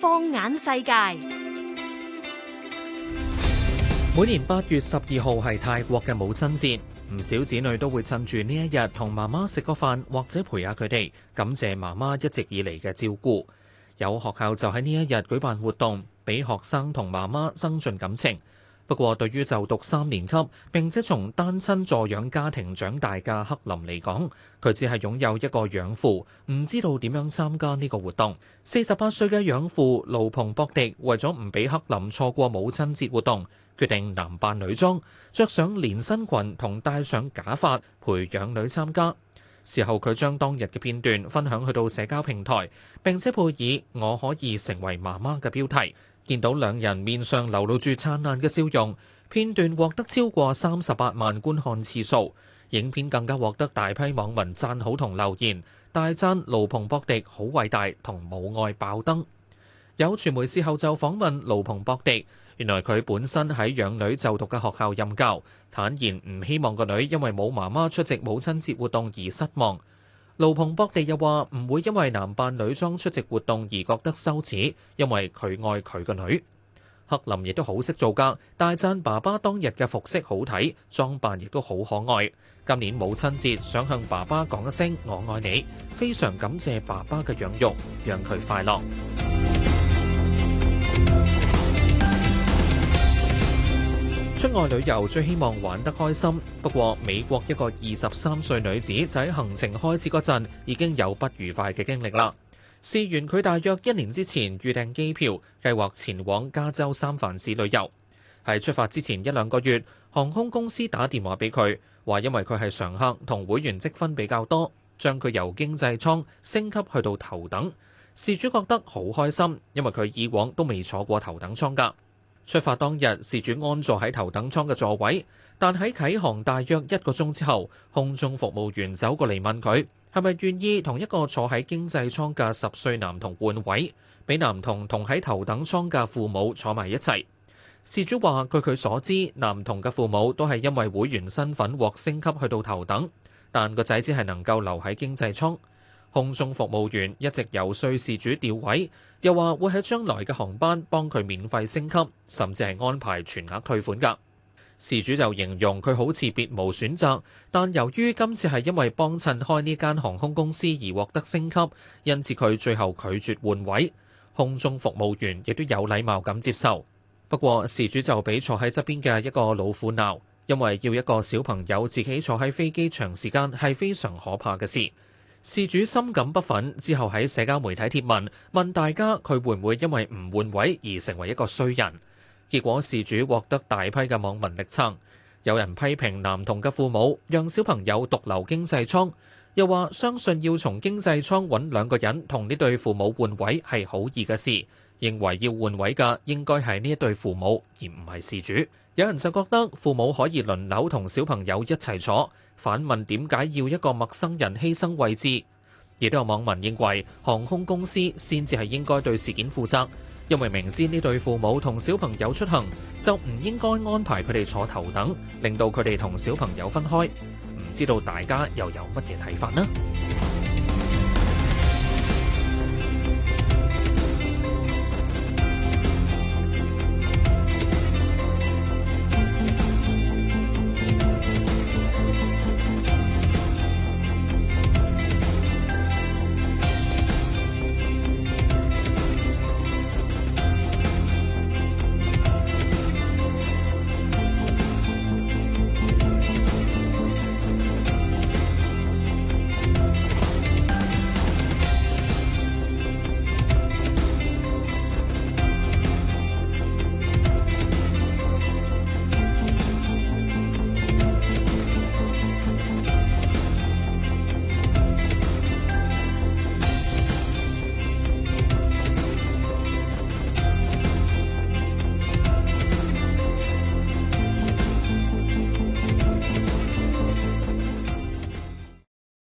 放眼世界，每年八月十二號係泰國嘅母親節，唔少子女都會趁住呢一日同媽媽食個飯或者陪下佢哋，感謝媽媽一直以嚟嘅照顧。有學校就喺呢一日舉辦活動，俾學生同媽媽增進感情。不過，對於就讀三年級並且從單親助養家庭長大嘅克林嚟講，佢只係擁有一個養父，唔知道點樣參加呢個活動。四十八歲嘅養父盧蓬博迪為咗唔俾克林錯過母親節活動，決定男扮女裝，着上連身裙同戴上假髮，陪養女參加。事後佢將當日嘅片段分享去到社交平台，並且配以「我可以成為媽媽」嘅標題。見到兩人面上流露住燦爛嘅笑容，片段獲得超過三十八萬觀看次數，影片更加獲得大批網民讚好同留言，大讚盧蓬博迪好偉大同母愛爆燈。有傳媒事後就訪問盧蓬博迪，原來佢本身喺養女就讀嘅學校任教，坦言唔希望個女因為冇媽媽出席母親節活動而失望。盧蓬博地又話唔會因為男扮女裝出席活動而覺得羞恥，因為佢愛佢個女。克林亦都好識做噶，大讚爸爸當日嘅服飾好睇，裝扮亦都好可愛。今年母親節想向爸爸講一聲我愛你，非常感謝爸爸嘅養育，讓佢快樂。出外旅遊最希望玩得開心，不過美國一個二十三歲女子就喺行程開始嗰陣已經有不愉快嘅經歷啦。事緣佢大約一年之前預訂機票，計劃前往加州三藩市旅遊。喺出發之前一兩個月，航空公司打電話俾佢，話因為佢係常客同會員積分比較多，將佢由經濟艙升級去到頭等。事主覺得好開心，因為佢以往都未坐過頭等艙㗎。出發當日，事主安坐喺頭等艙嘅座位，但喺啓航大約一個鐘之後，空中服務員走過嚟問佢係咪願意同一個坐喺經濟艙嘅十歲男童換位，俾男童同喺頭等艙嘅父母坐埋一齊。事主話：據佢所知，男童嘅父母都係因為會員身份獲升級去到頭等，但個仔只係能夠留喺經濟艙。空中服務員一直遊說事主調位，又話會喺將來嘅航班幫佢免費升級，甚至係安排全額退款㗎。事主就形容佢好似別無選擇，但由於今次係因為幫襯開呢間航空公司而獲得升級，因此佢最後拒絕換位。空中服務員亦都有禮貌咁接受。不過事主就俾坐喺側邊嘅一個老婦鬧，因為要一個小朋友自己坐喺飛機長時間係非常可怕嘅事。事主深感不忿，之後喺社交媒體貼文問大家佢會唔會因為唔換位而成為一個衰人？結果事主獲得大批嘅網民力撐，有人批評男童嘅父母讓小朋友獨留經濟艙，又話相信要從經濟艙揾兩個人同呢對父母換位係好易嘅事，認為要換位嘅應該係呢對父母而唔係事主。有人就覺得父母可以輪流同小朋友一齊坐，反問點解要一個陌生人犧牲位置。亦都有網民認為航空公司先至係應該對事件負責，因為明知呢對父母同小朋友出行就唔應該安排佢哋坐頭等，令到佢哋同小朋友分開。唔知道大家又有乜嘢睇法呢？